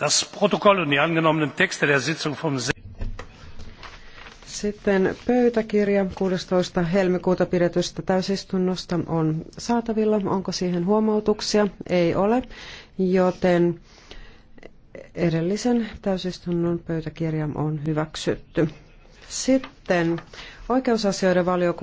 das protokoll und die angenommenen texte der sitzung vom. sitten pöytäkirja 16. helmikuuta pidetystä täysistunnosta on saatavilla. Onko siihen huomautuksia? Ei ole, joten edellisen täysistunnon pöytäkirja on hyväksytty. Sitten oikeusasioiden valiokunta